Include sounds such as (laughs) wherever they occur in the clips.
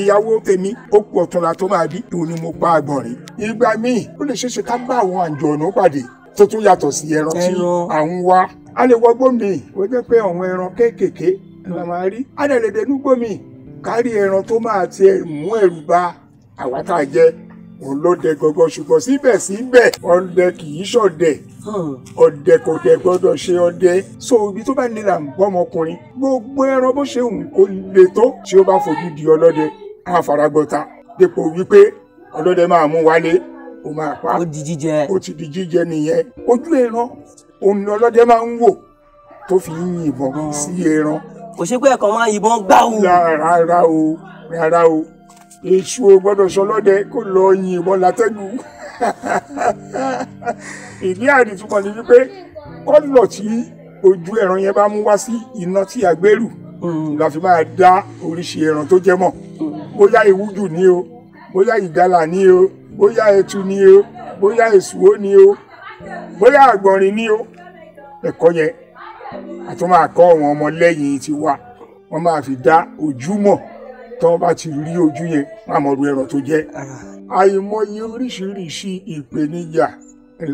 ìyàwó tèmi ó kú ọ̀túnla tó máa bí ìwọ ni mo pa àgbọ̀n rí ìgbà míì ó lè ṣeéṣe ká bá àwọn àjọ̀nù pàdé tó tún yàtọ̀ sí ẹran tí à ń wá a lè wọ gbòmí ó jẹ́ pé àwọn ẹran kéékèèké la máa rí a lè lè dẹnu gbòmí kárí ẹran tó máa tiẹ̀ mú ẹ̀rù bà àwa tá a jẹ́ òun ló dẹ gangan ṣùgbọ́n síbẹ̀síbẹ̀ ọdẹ kì í ṣọdẹ hmm. ọdẹ kò dẹ gbọ́dọ̀ ṣe ọdẹ so ibi tó bá nira ń bọ́ ọmọkùnrin gbogbo ẹran bó ṣe hùn kó le tó tí ó bá fojú di ọlọ́dẹ á faragbọ́ta dípò wípé ọlọ́dẹ máa mú wálé ó máa pa ó di jíjẹ ó ti di jíjẹ nìyẹn ojú ẹran òun ni ọlọ́dẹ máa ń wò tó fi ń yìnbọn sí ẹran. kò ṣe pé ẹ̀kọ́ máa yìnbọn gbá o. rárá o rárá o èṣù ò gbọ́dọ̀ sọlọ́dẹ kó lọ yin ìbọn látẹ́gùn (laughs) ìdí àdìtúmọ̀ ni wípé kọ́lọ̀ tí ojú ẹran yẹn bá mú wá sí iná tí a gbèrú hmm, la fi máa dá oríṣi ẹran tó jẹ mọ́ bóyá ìwújù ni o bóyá ìgalà ni o bóyá ẹtu ni o bóyá èsùwó ni o bóyá àgbọ̀nrín ni o ẹ̀kọ́ yẹn àtúmọ̀ àkọ́ àwọn ọmọ lẹ́yìn tiwa wọ́n máa fi dá ojú mọ̀ tó bá ti rí ojú yẹn wọn àmọ́ ru ẹran tó jẹ́ ah. àìmọye oríṣiríṣi ìpèníjà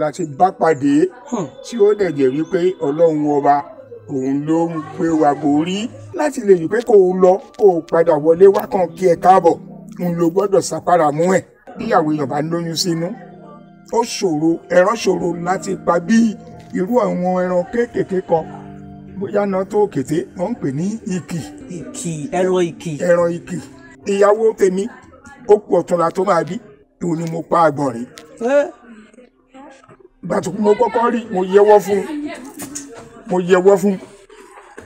láti bá pàdé hmm. tí ó dẹ̀ jẹ́ wípé ọlọ́run ọba òun ló ń pè wá borí láti lè rí pé kò lọ kò padà wọlé wá kàn kí ẹ káàbọ̀ ń lo gbọ́dọ̀ sàpárà mú ẹ̀ bíyàwó èèyàn bá lóyún sínú ó ṣòro ẹran ṣòro láti pa bí irú àwọn ẹran kéékèèké kan bóyá náà tó kété wọ́n ń pè ní ìkì. ìkì ẹran ìkì. ẹran ìkì ìyàwó tèmi ó kú ọ̀túnla tó máa bí ìwọ ni mo pa àgbọ̀n rí. bàtùkú mo kọ́kọ́ rí mo yẹwọ́ fún mo yẹwọ́ fún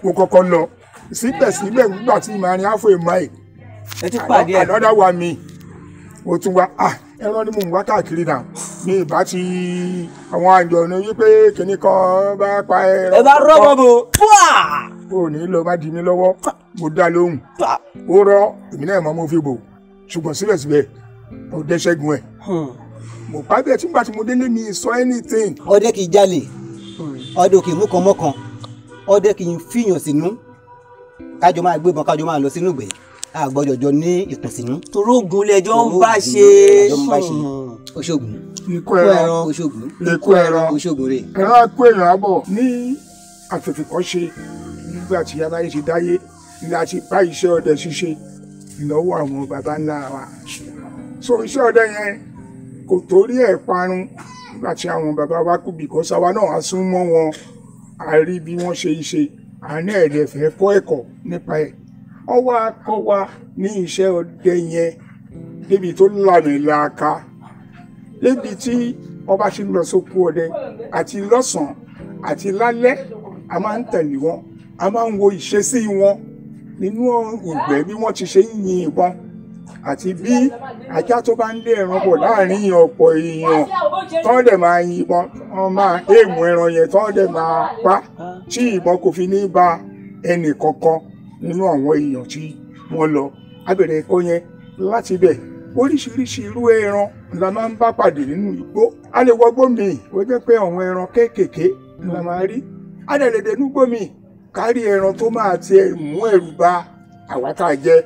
mo kọ́kọ́ lọ síbẹ̀síbẹ̀ nígbà tí màá ní àfọ̀ ìmọ̀ ẹ̀. ẹ ti pàdé ẹ àlọ́dà wa mi mo tún wá ah ẹran ni mò ń wá káàkiri náà ní ìbá ti àwọn àjọ̀nù wípé kìnnì kan bá pa ẹran. ẹ bá rọ́bọ̀ bò fúà. o ní lọ bá di mi lọ́wọ́ mo dá lóhùn ó rọ èmi náà mọ́ mo fi bò ṣùgbọ́n síbẹ̀síbẹ̀ mo dẹ́ ṣẹ́gun ẹ̀ hmm. mo pa bẹ́ẹ̀ tí n bá ti mo délé mi sọ anything. ọdẹ kì í jalè hmm. ọdẹ kì í mú kan mọ́kan ọdẹ kì í fìyàn sínú kájọ máa gbébọn kájọ máa lọ sínú ìgbẹ́ àgbọ̀dọ̀ jọ ní ìkùnsínú. torógun lẹjọ ń bá ṣe oṣogun ikú ẹran oṣogun ikú ẹran oṣogun rè. ẹran akú èèyàn àbọ̀ ní àtètèkọ́ṣe nígbà tí aláyé ti dáyé ni a ti bá iṣẹ́ ọdẹ ṣíṣe lọ́wọ́ àwọn baba ńlá wa. so iṣẹ́ ọdẹ yẹn kò torí ẹ̀ parun nígbà tí àwọn baba wa kú bìkọ́sí àwa náà á sún mọ́ wọn a rí bí wọ́n ṣe ṣe àárín ẹ̀dẹ̀fẹ́ kọ́ ẹ̀kọ́ nípa ẹ̀ ọwọ́ akọ́ wa ní iṣẹ́ ọdẹ yẹn débi tó làmìlàaka débi tí ọba ṣe ń lọ sóko ọdẹ àti lọ́sàn-án àti lálẹ́ a máa ń tẹ̀lé wọn a máa ń wo ìṣesí wọn nínú ìgbẹ́ bí wọ́n ti ṣe ń yin ìbọn àti bí ajá tó bá ń lé ẹran bọ̀ láàrin ọ̀pọ̀ èèyàn tán dẹ̀ máa yìnbọn wọn máa èèmù ẹran yẹn tán dẹ̀ máa pa tí ìbọn kò fi ní ba ẹnì kankan nínú àwọn èèyàn tí wọ́n lọ a bẹ̀rẹ̀ ẹ̀kọ́ yẹn láti bẹ̀ oríṣiríṣi irú ẹran la máa ń bá pàdé nínú igbó a lè wọgbó mi ó jẹ́ pé àwọn ẹran kéékèèké la máa rí a lè lè dẹnu gbó mi kárí ẹran tó máa ti mú ẹ̀rù bà àwa tá a jẹ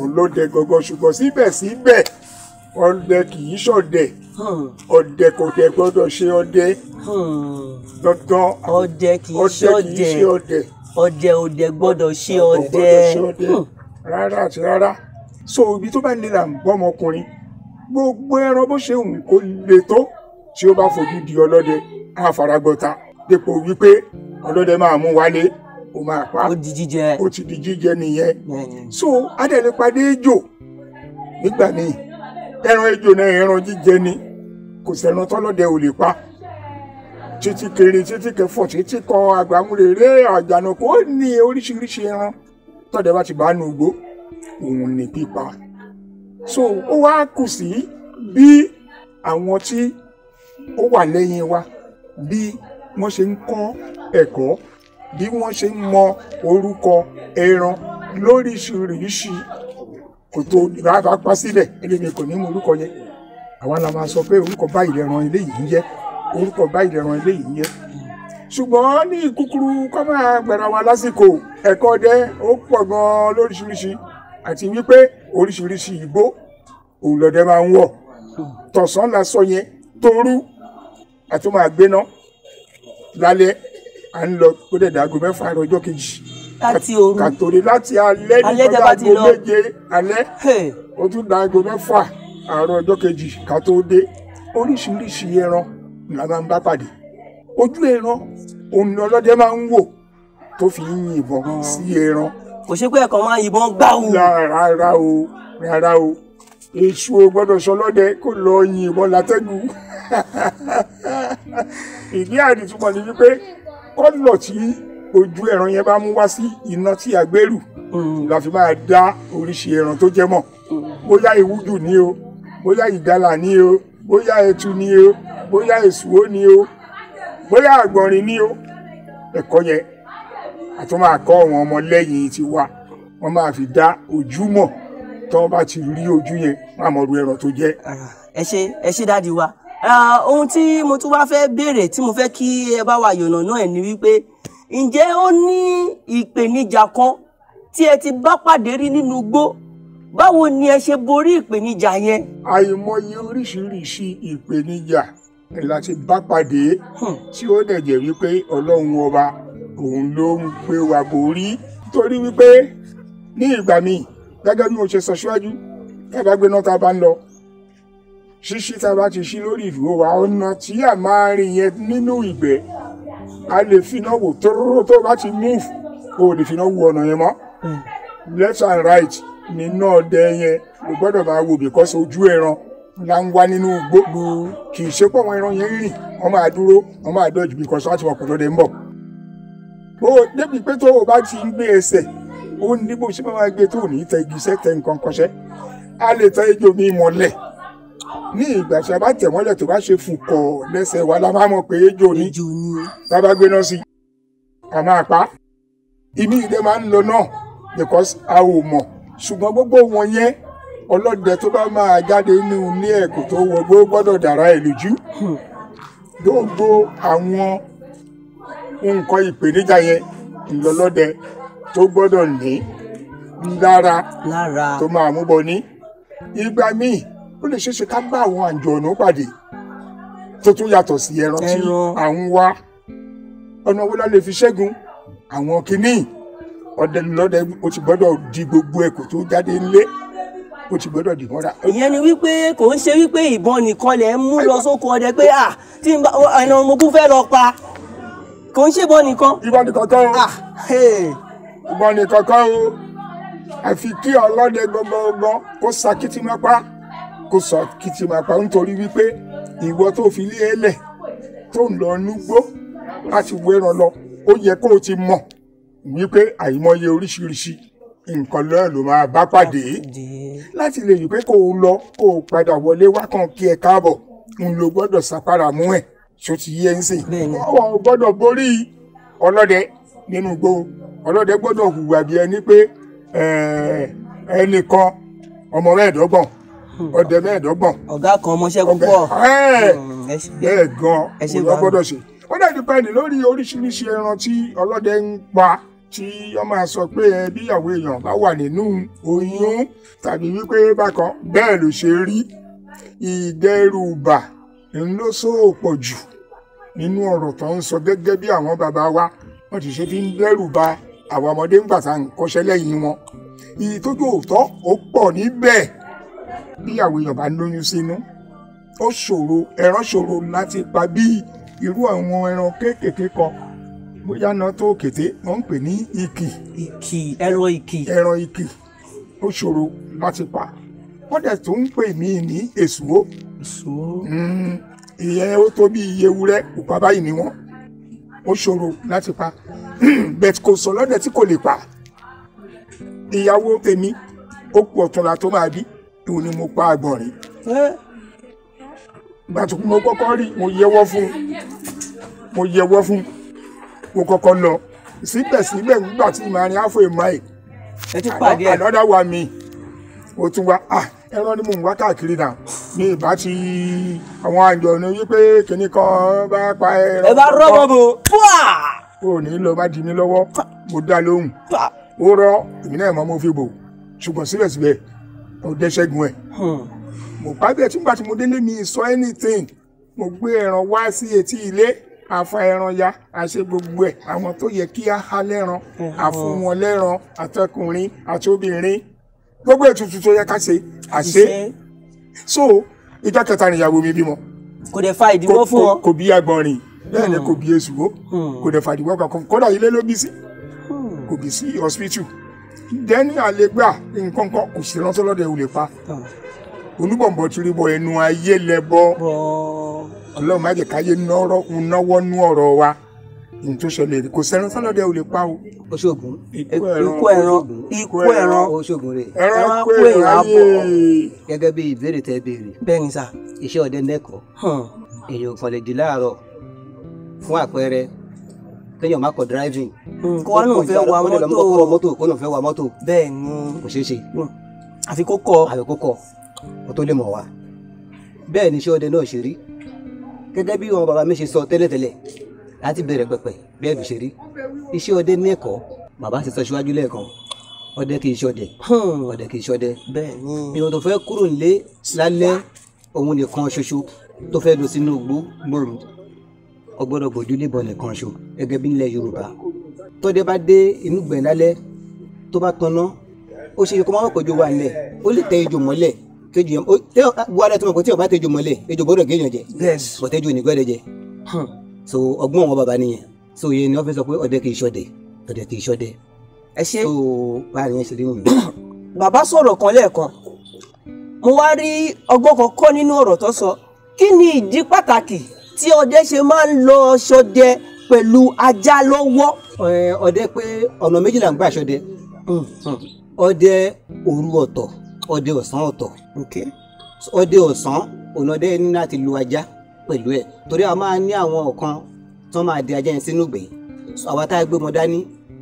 olóde gangan ṣùgbọ́n síbẹ̀síbẹ̀ ọdẹ kì í ṣọdẹ hmm. ọdẹ kò dẹ gbọ́dọ̀ ṣe ọdẹ hmm. dandan ọdẹ kì í ṣe ọdẹ ọdẹ ọdẹ gbọ́dọ̀ ṣe ọdẹ. Hmm. rárá àti rárá so ibi tó bá nílà ń bọ́ ọmọkùnrin gbogbo ẹran bó ṣe wù kó lè tó tí ó bá fojú di ọlọ́dẹ á faragbọ́ta dépò wípé ọlọ́dẹ máa mú wálé ó máa pa ó di jíjẹ ó ti di jíjẹ nìyẹn so adẹ̀lẹ́pàdé ejò nígbà míì ẹran ejò náà ẹran jíjẹ ni kò sẹ́ran tọ́lọ́dẹ ò lè pa títí kiri títí kẹfọ títí kan àgbàmúrèrè àjànàkú ó ní oríṣiríṣi ẹran tọ́dẹ̀ bá ti bá nu igbó òun ní pípa so ó wá kù sí bí àwọn tí ó wà lẹ́yìn wa bí wọ́n ṣe ń kọ́ ẹ̀kọ́ bí wọ́n ṣe ń mọ orúkọ ẹran lóríṣiríṣi kò tó ìbára pa sílẹ̀ ẹlẹ́ni kò ní mú orúkọ yẹn àwa la máa sọ pé orúkọ báyìí lẹ́ran eléyìí ń jẹ́ orúkọ báyìí lẹ̀rọ eléyìí ń yẹ ṣùgbọ́n ní kúkúrú kọ́ máa gbẹ̀rọ wa lásìkò ẹ̀kọ́ dẹ́ ó pọ̀ gan-an lóríṣiríṣi àti wípé oríṣiríṣi ìbò òun lọ́dẹ máa ń wọ̀ tọ̀sán la sọ yẹn tóoru àti máa gbéná lálẹ́ à ń lọ kó dẹ̀ dàgò mẹ́fà àrọ̀ ọjọ́ kejì láti òru kàtòrí láti alẹ́ nígbà dàgò méje alẹ́ ó tún dàgò mẹ́fà àrọ̀ ọjọ́ kejì kàtó dé oríṣiríṣi ẹran la máa ń bá pàdé ojú ẹran òun ni ọlọ́dẹ máa ń wò tó fi ń yìnbọn sí ẹran. kò ṣe pé ẹ̀kan máa yìnbọn gbá o. rárá o rárá o èṣù o gbọ́dọ̀ sọlọ́dẹ kó lọ yìnbọn látẹ́gùn (laughs) ìdí àdìtúmọ̀ ni wípé kọ́lọ̀ tí ojú ẹran yẹn bá mú wá sí iná tí a mm. la fi máa dá oríṣi ẹran tó jẹ mọ́ mm. bóyá ìwúdù ni o bóyá ìgalà ni o bóyá ẹtu ni o bóyá èsùwó ni o bóyá àgbọ̀nrín ni o ẹ̀kọ́ yẹn àti wọ́n máa kọ́ àwọn ọmọ lẹ́yìn ti wa wọ́n máa fi dá ojú mọ̀ tọ́ bá ti rí ojú yẹn wọ́n á mọ̀ ru ẹran tó jẹ́. ẹ ṣe ẹ ṣe dáàdi wa ohun tí mo tún wá fẹ́ béèrè tí mo fẹ́ kí ẹ bá wa yọ̀nà náà ni wípé ǹjẹ́ ó ní ìpèníjà kan tí ẹ ti bá pàdé rí nínú igbó báwo ni ẹ ṣe borí ìpèníjà yẹn. àìmọye oríṣiríṣi ìpèníjà láti bá pàdé hmm. tí ó dẹ̀ jẹ́ wípé ọlọ́run ọba òun ló ń gbé wa borí torí wípé ní ìgbà míì gẹ́gẹ́ bí mo ṣe sọ síwájú tábà gbé náà tábà ń lọ ṣíṣí tábà ti ṣí lórí ìdúró wa ọ̀nà tí a máa rìn yẹn nínú ìgbẹ́ a lè finá wò tóró tó bá ti move o ò lè finá wo ọ̀nà yẹn mọ́ hmm. left and right ni náà dẹ yẹn o gbọ́dọ̀ máa wo because ojú ẹran láńwá nínú gbogbo kì í ṣe pọ̀ wọn ẹran yẹn rírìn wọn máa dúró wọn máa dọ́jú bí kan sáà tí wọn kò lọ́dẹ ń bọ̀. bó o débi pé tó o bá ti ń gbé ẹsẹ̀ ó ní bó ṣe máa gbé tó o ní tẹ igi sẹ́tẹ̀ nǹkan kọṣẹ́ a lè tẹ ejò mi mọ́lẹ̀ ní ìgbà tí a bá tẹ̀ mọ́lẹ̀ tó bá ṣe fùkọ̀ lẹ́sẹ̀ wa la máa mọ̀ pé ejò ní bàbá gbéná sí a máa pa ìmí ìdẹ máa ń lọ náà because a ò mọ̀ ṣùgbọ́n gbogbo wọn yẹn ọlọ́dẹ tó bá máa jáde inú ilé ẹ̀ kò tó wọgbó gbọ́dọ̀ dára ẹ̀ lójú hmm. gbogbo àwọn nǹkan ìpèníjà yẹn ńlọlọ́dẹ tó gbọ́dọ̀ ní lára tó máa mú bọ ní. ìgbà míì ó lè ṣeéṣe ká bá àwọn àjọ̀nú pàdé tó tún yàtọ̀ sí ẹran tí à ń wá ọ̀nà wo la lè fi ṣẹ́gun àwọn kìíní ọ̀dẹ̀ lọ́dẹ ó ti gbọ́dọ̀ di gbogbo ẹ̀kọ́ tó jáde ńlé o ti gbọ́dọ̀ dìbọn rà. ìyẹn ni wípé kò ń ṣe wípé ìbọn nìkan lẹ̀ ń mú lọ sóko ọdẹ pé à ah, tí ẹnà ọmọkùn fẹ́ lọ pa kò ń ṣèbọn nìkan. ìbọn nìkan kọ́ o ah, ìbọn nìkan kọ́ o àfi kí ọlọ́dẹ gbọgbọgbọ kó sa kìtìmọ́pá kó sọ kìtìmọ́pá nítorí wípé ìwọ tó fi lé ẹ tó ń lọ núgbó láti wẹ́ràn lọ ó yẹ kó o ti mọ̀ wípé àìmọye oríṣiríṣi nǹkan lọ́ọ̀ ló máa bá pàdé láti lè rí pé kò ń lọ kò padà wọlé wá kàn kí ẹ káàbọ̀ ń lo gbọ́dọ̀ sàpárà mú ẹ̀ tó ti yé ń sìn ọwọ́ gbọ́dọ̀ borí ọlọ́dẹ nínú igbó ọlọ́dẹ gbọ́dọ̀ hùwà bí ẹni pé ẹnìkan ọmọ mẹ́ẹ̀ẹ́dọ́gbọ̀n hmm. ọdẹ mẹ́ẹ̀ẹ́dọ́gbọ̀n. ọ̀gá kan ọmọọṣẹ́ púpọ̀ hmm, bẹ́ẹ̀ gan-an olùwà ṣe ó dẹ̀ dípẹ́ndì lórí oríṣiríṣi ẹran tí ọlọ́dẹ ń pa tí yọ máa sọ pé bí ìyàwó èèyàn bá wà nínú oyún tàbí wípé bákan bẹ́ẹ̀ ló ṣe rí ìdẹ́rùbà ń ló sóòpọ̀ jù nínú ọ̀rọ̀ tó ń sọ gẹ́gẹ́ bí àwọn bàbá wa wọ́n ti ṣe fi ń dẹ́rù ba àwọn ọmọdé ń gbà tá à ń kọ́ṣẹ́ lẹ́yìn wọn. ìtọ́jú òótọ́ ó pọ̀ níbẹ̀ bí èèyàn bá lóyún sínú ó ṣòro ẹran ṣòro láti pa bí irú àwọn ẹran kéékèèké kan bóyá náà tó kété wọ́n ń pè ní ìkì. ìkì ẹran ìkì. ẹran ìkì ó ṣòro láti pa wọ́n dẹ̀ tó ń pè mí ní èsúwó. èsúwó. Hmm, ìyẹn ó tó bí iye ewúrẹ́ pupa báyìí ni wọ́n ó ṣòro láti pa hmm, bẹ́t kò sọ lọ́dẹ̀ tí kò lè pa ìyàwó tèmi ó kù ọ̀túnla tó máa bí òun ni mo pa àgbọ̀nrín gbàtùkú mo kọ́kọ́ rí mo yẹwọ́ fún mo yẹwọ́ fún mo kọ́kọ́ lọ síbẹ̀síbẹ̀ nígbà tí màá rin afọ ìmọ̀ ẹ̀ ẹ ti pàdé ẹ àlọ́dà wa mi ó tún wá à ah, ẹran ni mò ń wá káàkiri náà ní ìbá ti àwọn àjọ̀nù wípé kinní kan bá pa ẹran. ẹ bá rọ́bọ̀ bò fúà. o ní lọ bá di mi lọ́wọ́ mo dá lóhùn ó rọ èmi náà mọ́ mo fi bò ṣùgbọ́n síbẹ̀síbẹ̀ mo dẹ́ṣẹ́gun ẹ̀ hmm. mo pàbẹ́ tí nígbà tí mo délé mi sọ anything mo gbé ẹran wá sí etí ilé àfa ẹran ya àṣe gbogbo ẹ̀ àwọn tó yẹ kí á há lẹ́ran àfún wọn lẹ́ran àtọkùnrin àtobìnrin gbogbo ètùtù tó yẹ ká ṣe àṣe so ìjọ kẹta nìyàwó mi bímọ. kò dẹ̀ fa ìdíwọ́ fún ọ. kò bí agbọ̀nrín bẹ́ẹ̀ ni hmm. kò bí èṣù hmm. kò dẹ̀ fa ìdíwọ́ kankan kódà ilé ló bí sí hmm. kò bí sí hospital dẹ́ni àlégbà nǹkan kò sí rántí ò lè pa olúbọ̀nbọ̀ tìrìbọ̀ ẹnu ayé lẹ́bọ̀ ọlọ́run má jẹ́ káyé náwọ́ nú ọ̀rọ̀ wa ní tó ṣẹlẹ̀ kò sẹ́ran sọ́lọ́dẹ ò lè pa o. oṣogun ikú ẹran ikú ẹran oṣogun rẹ ẹran kú èèyàn àpò gẹ́gẹ́ bí ìbéèrè tẹ béèrè. bẹ́ẹ̀ ni sà. iṣẹ́ ọdẹ nẹ́kọ̀ọ́ èèyàn kan lè di láàárọ̀ fún àpẹẹrẹ kéèyàn má kọ driving. Hmm, kó wọn náà fẹ́ wa mọ́tò kó náà fẹ́ wa mọ́tò. bẹ́ẹ̀ ni kò ṣeé ṣe. Hmm. àfi kó kọ. tó lè mọ̀ wá. bẹ́ẹ̀ ni iṣẹ́ ọdẹ náà ṣe rí gẹ́gẹ́ bí wọn bàbá mi ṣe sọ tẹ́lẹ̀tẹ́lẹ̀ láti bẹ̀rẹ̀ pẹ̀pẹ̀ bí ẹ̀dùn ṣe rí iṣẹ́ ọdẹ ní ẹ̀kọ́ bàbá ṣe sọ síwájú lẹ́ẹ̀kan ọdẹ kì í ṣọdẹ hmm. ọdẹ kì í ṣọdẹ èèyàn tó fẹ́ kúrò nílé lálẹ́ òun nìkan ṣoṣo tó fẹ́ lọ sínú igbó gbòòrò ọgbọ́dọ̀ gbòjú lébọn nìkan ṣo gẹ́gẹ́ bí nílẹ̀ Yorùbá tọ́dẹ bá dé inú gbẹ̀ tó bá tanná ó ṣe kó má wọ́pọ̀ jò wà nílẹ̀ ó lè tẹ ejò mọ́lẹ̀ kejì ọmọ tẹ wàhálà tó mọ kó tí o bá tẹjọ mọlẹ ejò gbọ́dọ̀ géèyàn jẹ bọ tẹjọ ní gbọ́dọ̀ jẹ hmm. so ọgbọ́n àwọn baba nìyẹn so yẹn ni wọn fẹ́ sọ pé ọdẹ kì í ṣọdẹ ọdẹ kì í ṣọdẹ. ẹ ṣe so báyìí yẹn ṣe rí mi. (coughs) bàbá sọ̀rọ̀ kan lẹ́ẹ̀kan mo wá rí ọgbọ́n kan kọ́ nínú ọ̀rọ̀ tó sọ kí ni ìdí pàtàkì tí ọdẹ ṣe máa ń lọ ṣọdẹ pẹ̀lú ajá lọ́wọ́. ọdẹ pé ọ̀nà méjìlá ń gbà ṣọdẹ hmm. ọdẹ òru ọ̀tọ̀ ọdẹ ọ̀sán ọ̀tọ̀ ọdẹ ọ̀sán ọ̀nàdẹ ní láti lu ajá pẹ̀lú ẹ̀ torí a máa ní àwọn ọ̀kan tí wọ́n máa di ajá yẹn sínú ìgbẹ́ àwa tá a gbé mọ dání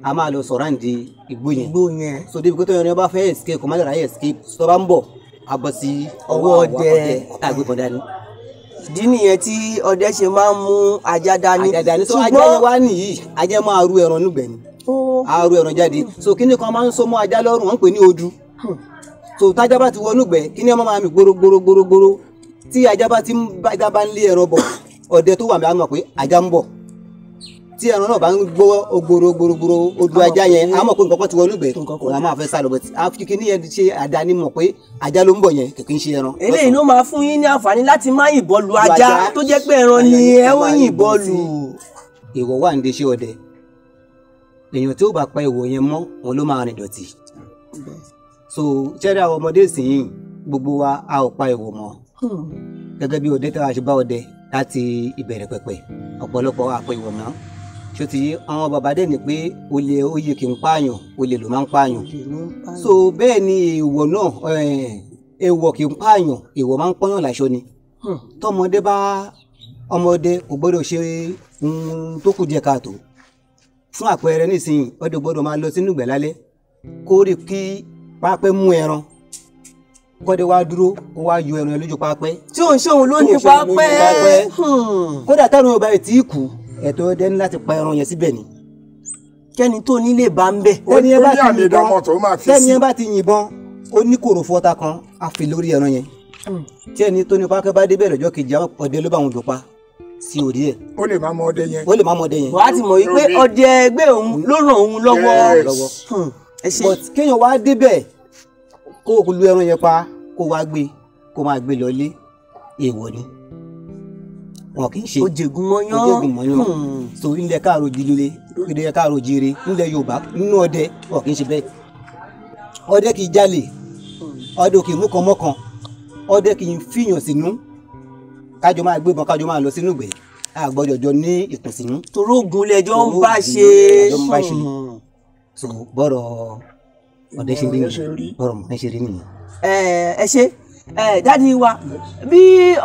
a máa lọ sọ̀rọ̀ àǹdí igbó yẹn igbó yẹn so débi kótó yẹn bá fẹ́ escape kò má escape tó bá ń bọ̀ a bọ̀ sí ọwọ́ ọdẹ tá a gbé mọ dání. ìdí nìyẹn tí ọdẹ ṣe máa ń mú ajá dání ajá so ajá yẹn wá nìyí ajá máa ru ẹran nígbẹ̀ni oh. a so kíní kan máa ń so mọ́ odu hmm so tájá bá ti wọnú gbẹ kí ni ọmọ máa mi gbóró gbóró gbóró gbóró tí ajá bá ti ń bá ajá bá ń lé ẹran bọ̀ ọdẹ tó wà mí á mọ̀ pé ajá ń bọ̀ tí ẹran náà bá ń gbọ́ ogboro gborogboro odò ajá yẹn a mọ̀ pé nǹkan kan ti wọnú gbẹ òun a máa fẹ́ sá lọ bẹ̀tì kíkí ní yẹn ṣe àdáni mọ̀ pé ajá ló ń bọ̀ yẹn kìkì ń ṣe ẹran. eléyìí ló máa fún yín ní àǹfààní láti má yìnbọn lu ajá tó jẹ́ pé ẹran ni ẹ ó yìnbọn lu. ìwọ wà ń deṣe ọdẹ èèyàn tí ó bá pa ìwọ yẹn mọ́ òun ló máa rìn dọ̀tí so ṣẹ́rí àwọn ọmọdé sìn gbogbo wa a ò pa ìwò mọ́ hmm. gẹ́gẹ́ bí òde a ṣe bá òde láti ìbẹ̀rẹ̀ pẹ̀pẹ̀ ọ̀pọ̀lọpọ̀ àpò ìwò mọ́ ṣòtì àwọn bàbá dẹ̀ ní pé olè oyè kì í pààyàn olè ló máa ń pààyàn so bẹ́ẹ̀ ni ìwọ náà eh, èèwọ̀ kì í pààyàn èèwọ̀ máa ń pọ́yàn láṣọ ni hmm. tọmọdé bá ọmọdé kò gbọ́dọ̀ ṣe ohun tó kù jẹ káàtó fún àpẹẹrẹ nísìnyí ọdẹ gbọ́dọ̀ máa lọ sínú ìgbẹ́ lálẹ́ pápẹ́ mú ẹran kọ́dé wá dúró ó wá yọ ẹran lójú pápẹ́. tí òun ṣe òun ló pápẹ́ hmm. kódà táwọn yorùbá yìí tí ì kú ẹ̀tọ́ ọdẹ láti pa ẹran yẹn síbẹ̀ ni kẹ́ni tó nílé bá ń bẹ̀ tẹ́ni ẹ bá ti yìnbọn tẹ́ni ẹ bá ti yìnbọn ó ní kòrò fọ́ta kan á fi lórí ẹran yẹn hmm. tí tó ní pápẹ́ bá débẹ̀ lọ́jọ́ kejì ọdẹ ló bá wọn dùn sí òde ẹ. ó lè má mọ ọdẹ yẹn. ó lè má mọ ọdẹ yẹn. wàá ti mọ̀ wípé ọdẹ ẹgbẹ́ òun ló ràn òun lọ́wọ́. Hmm but kéèyàn wá débẹ̀ kó o lu ẹran yẹn pa kó o wá gbé kó o máa gbé lọlé èèwọ̀ ni wọn kì í ṣe ojegun mọyán ojegun mọyán so ilẹ̀ káàró jíire ilẹ̀ káàró jíire ilẹ̀ yorùbá nínú ọdẹ wọn kì í ṣe bẹ́ẹ̀ ọdẹ kì í jalè ọdẹ kì í mú kan mọ́kan ọdẹ kì í fìyàn sínú kájọ máa gbébọn kájọ máa lọ sínú ìgbẹ́ àgbọ̀jọ̀jọ ní ìkùnsínú. torógun lẹjọ ń bá ṣe so bọ́rọ̀ ọ̀dẹ ṣe rí nìyẹn bọ́rọ̀ ọ̀dẹ ṣe rí nìyẹn. ẹ ẹ ṣe ẹ dáàdi wa bí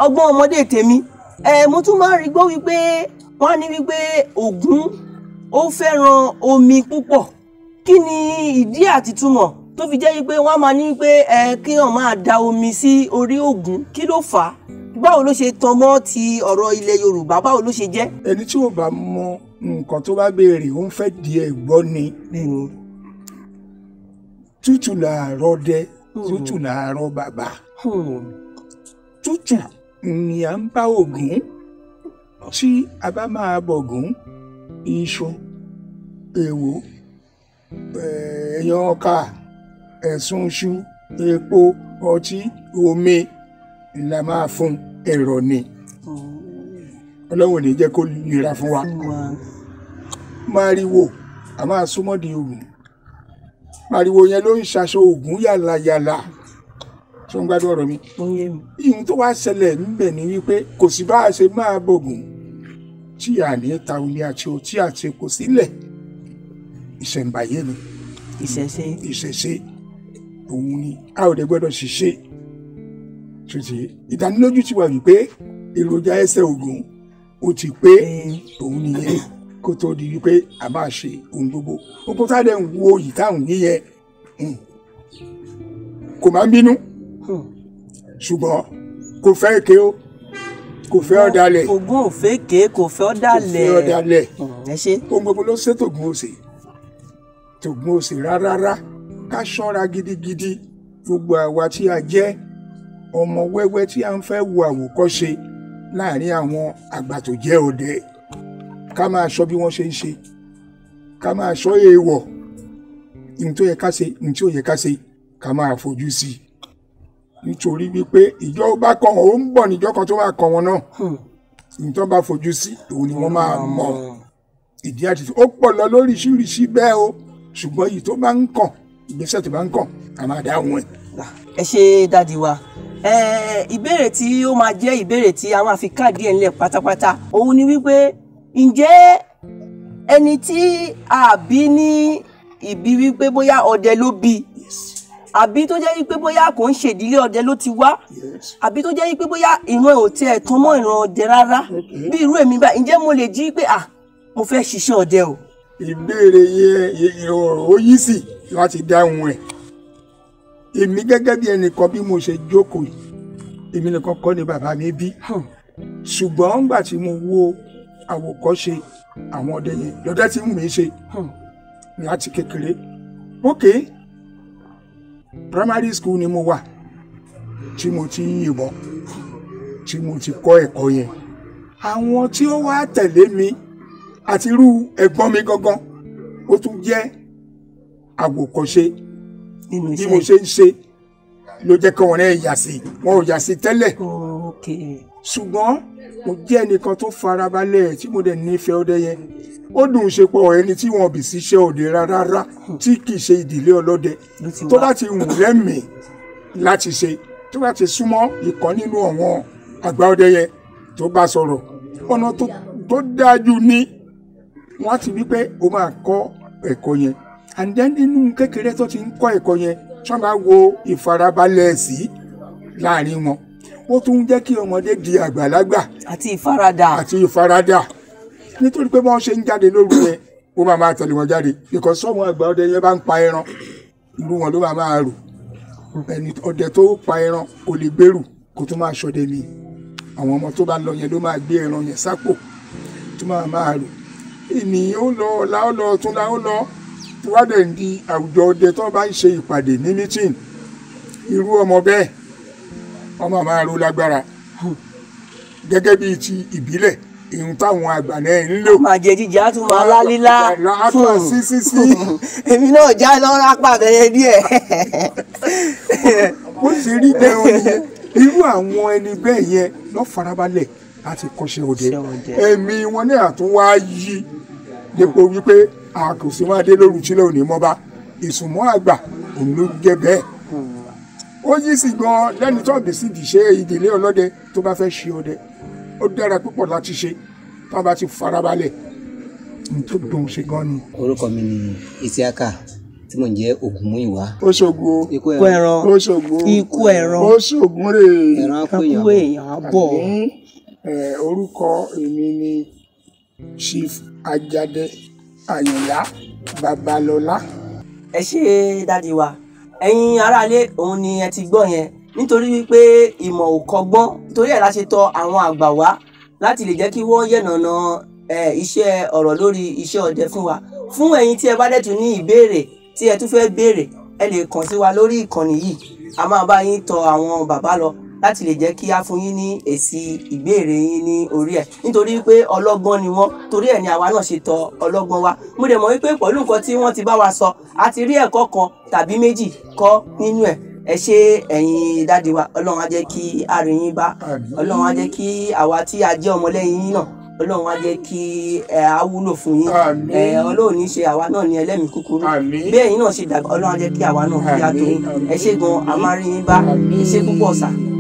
ọgbọ́n ọmọdé tèmi ẹ mo tún máa ń rí gbọ́ wípé wọ́n á ní wípé Ògún ó fẹ́ràn omi púpọ̀ kí ni ìdí àti túmọ̀ tó fi jẹ́ wípé wọ́n á máa ní wípé ẹ kí wọ́n máa da omi sí orí Ògún kí ló fà á báwo ló ṣe tan mọ́ ti ọ̀rọ̀ ilẹ̀ Yorùbá báwo ló ṣe jẹ́. ẹni tí ò bá mọ Mm. nǹkan tó bá béèrè ó ń fẹ́ di ẹ̀ gbọ́ ni mm. tútù làárọ̀ dẹ mm. tútù làárọ̀ bàbá tútù ni à ń bá ògún tí a bá máa bọ̀gún iṣu èèwọ̀ eh, ẹ̀yàn ọkà ẹ̀sùn iṣu epo ọtí omi la máa fún ẹ̀rọ ni ọlọ́run ò ní jẹ́ kó nira fún wa máriwo a máa súnmọ́dì oògùn máriwo yẹn ló ń ṣaṣọ oògùn yàlàyàlà ṣé ń gbádùn ọ̀rọ̀ mi. ìhun tó wá ṣẹlẹ̀ ńbẹ̀ ni wípé kò sí bá a ṣe máa bọ̀gùn tí a ní ta omi àti ọtí àti epo sílẹ̀ ìṣẹ̀ǹbáyé ni. ìṣẹ̀ṣe. ìṣẹ̀ṣe òun ni a ò dẹ̀ gbọ́dọ̀ ṣiṣẹ́ ṣùtì ìdánilójú ti wà wípé èròjà ẹsẹ̀ oògùn ó ti pé òun nìyẹn kó tó di wípé a máa ṣe ohun gbogbo gbogbo tá a dẹ̀ ń wo yìí tá à ń yíyẹ hmm, kò máa ń bínú hmm. ṣùgbọ́n kò fẹ́ èké o kò fẹ́ ọ̀dàlẹ̀. ògùn ò fẹ́ èké kò fẹ́ ọ̀dàlẹ̀. kò fẹ́ ọ̀dàlẹ̀. Hmm, ohun gbogbo ló ṣe tògùn òsè tògùn òsè rárá ká ṣọ́ra gidigidi gbogbo àwa tí a jẹ́ ọmọ wẹ́wẹ́ tí a ń fẹ́ wo àwòkọ́ṣe láàrin àwọn àgbà tó jẹ́ ọdẹ ká máa sọ bí wọ́n ṣe ń ṣe ká máa sọ èèwọ̀ ní tó yẹ ká ṣe ní tí ò yẹ ká ṣe ká máa fojú sí i nítorí wípé ìjọba kan ò ń bọ̀ níjọ́ kan tó máa kàn wọ́n náà hmm. ní tó bá fojú sí òun ni wọ́n máa mọ̀ hmm. ìdí àti ó pọ̀ lọ lóríṣiríṣi bẹ́ẹ̀ o ṣùgbọ́n èyí tó bá ń kàn ìgbésẹ̀ tó bá ń kàn á máa dá wọn. ẹ ṣe dádì wa ìbéèrè tí ó máa jẹ́ ìbéèrè tí a máa fi káàdì ẹ̀ ńlẹ̀ pátápátá òun ni wípé ǹjẹ́ ẹni tí a bí ní ìbí wípé bóyá ọdẹ ló bí àbí tó jẹ́ wípé bóyá kò ń ṣèdílé ọdẹ ló ti wá àbí tó jẹ́ wípé bóyá ìran ò tiẹ̀ tán mọ́ ìran ọdẹ rárá bí irú èmi bá ǹjẹ́ mo lè jí pé à mo fẹ́ ṣiṣẹ́ ọdẹ o. ìbéèrè yẹn ìrọ̀rùn ó yí sí láti dáhùn ẹ̀ èmi gẹ́gẹ́ bí ẹnìkan bí mo ṣe jókòó èmi nìkan kọ́ ni bàbá mi bí ṣùgbọ́n nígbà tí mo wo àwòkọ́ṣe àwọn ọdẹ yẹn lọ́dẹ tí wùmí ṣe láti kékeré ok primary school ni mo wà tí mo ti ń yìnbọn tí mo ti kọ́ ẹ̀kọ́ yẹn àwọn tí ó wá tẹ̀lé mi àti irú ẹ̀gbọ́n mi gangan ó tún jẹ́ àwòkọ́ṣe bí mo ṣe ń ṣe ló jẹ́ kí wọ́n náà yà sí wọn ò yà sí tẹ́lẹ̀ ṣùgbọ́n. Okay mo jẹ́ ẹnìkan tó farabalẹ̀ tí mo dẹ̀ nífẹ̀ẹ́ ọdẹyẹ ó dùn ṣe pọ̀ ẹni tí wọn bì síṣẹ́ òde rárá tí kì í ṣe ìdílé ọlọ́dẹ tó bá ti wù lẹ́mìí láti ṣe tó bá ti súnmọ́ ìkan nínú àwọn àgbà ọdẹyẹ tó bá sọ̀rọ̀ ọ̀nà tó dájú ní wọ́n á ti wí pé o máa kọ́ ẹ̀kọ́ yẹn and then nínú kékeré tó ti ń kọ́ ẹ̀kọ́ yẹn tí wọ́n bá wo ìfarabalẹ̀ sí láàrin wọn ó tún ń jẹ́ kí ọmọdé di àgbàlagbà. àti ìfaradà. àti ìfaradà nítorí pé bọ́n ṣe ń jáde lóru yẹn ó máa máa tẹ̀lé wọn jáde because sọ́mọ àgbà ọdẹ yẹn bá ń pa ẹran irú wọn ló máa máa rù ẹni ọdẹ tó pa ẹran kò lè gbèrú kó tó máa ṣọdẹ mi àwọn ọmọ tó bá lọ yẹn ló máa gbé ẹran yẹn sápò tó máa máa rù ènìyàn ó lọ ọ̀la ó lọ ọ̀túnla ó lọ tí wàá dẹ̀ ń di àwùjọ ọdẹ tó bá ń ṣe ìpàdé ní mítìn irú ọmọ bẹ́ẹ̀ ọmọ máa ro lágbára gẹ́gẹ́ bíi ti ìbílẹ̀ ìhun táwọn àgbà náà ń lò. màá jẹ jíjẹ á tún máa lálílá fún (laughs) èmi náà já lọ́rọ́ apá bẹ̀rẹ̀ díẹ̀. (laughs) ó ṣe rí bẹ́ẹ̀ o yẹn irú àwọn ẹni bẹ́ẹ̀ yẹn lọ́ farabalẹ̀ láti kọ́ṣẹ́ òde ẹ̀mí wọn náà tún wá yí nípo wípé a kò sí máa dé lóru tí lóun ní mọ́ bá ìsùnmọ́ àgbà òun ló jẹ́ bẹ́ẹ̀. Hmm ó yí sí gan lẹ́ni tó ọ̀dẹ̀ sì dì ṣe ìdílé ọlọ́dẹ tó bá fẹ́ ṣe ọdẹ ó dára púpọ̀ láti ṣe tá a bá ti farabalẹ̀ tó dùn ṣe gan ni. orúkọ mi ni Isiaka tí mò ń jẹ́ Ògúnmúyìwá. ó ṣògo ikú ẹran ó ṣògo ikú ẹran ó ṣògo rè ẹran kú èèyàn bọ̀. orúkọ èmi ni Chief Ajade Àyìnlá Babalọlá. ẹ ṣe dádì wa ẹ̀yin aráalé òun ni ẹ ti gbọ́ yẹn nítorí wípé ìmọ̀ ò kọ́gbọ́n nítorí ẹ̀ la ṣe tọ̀ àwọn àgbà wá láti lè jẹ́ kí wọ́n yẹ̀nàna iṣẹ́ ọ̀rọ̀ lórí iṣẹ́ ọdẹ fún wa fún ẹ̀yin tí ẹ bá dẹ̀ tún ní ìbéèrè tí ẹ tún fẹ́ béèrè ẹ lè kàn sí wa lórí ìkànnì yìí a máa bá yín tọ̀ àwọn bàbá lọ láti lè jẹ́ kí a fún yín ní èsì ìbéèrè yín ní orí ẹ̀ nítorí pé ọlọ́gbọ́n ni wọ́n torí ẹ̀ ni àwa náà ṣe tọ ọlọ́gbọ́n wa mo dẹ̀ mọ̀ wípé pẹ̀lú nǹkan tí wọ́n ti bá wa sọ a ti rí ẹ̀kọ́ kan tàbí méjì kọ́ nínú ẹ̀ ẹ ṣé ẹ̀yin dáàdi wa ọlọ́run á jẹ́ kí a rí yín bá ọlọ́run á jẹ́ kí àwa tí a jẹ́ ọmọlẹ́yìn yín náà ọlọ́run á jẹ́ kí ẹ á wúlò fún yín ẹ ọlọ́run ní ṣe àwa náà ní ẹlẹ́mìí kúkúrú bí ẹ̀yin náà ṣe dàgbà ọlọ́run á jẹ́ kí àwa náà kí a tó ẹ ṣé gan a máa rí yín bá ẹ ṣé púpọ̀ sà.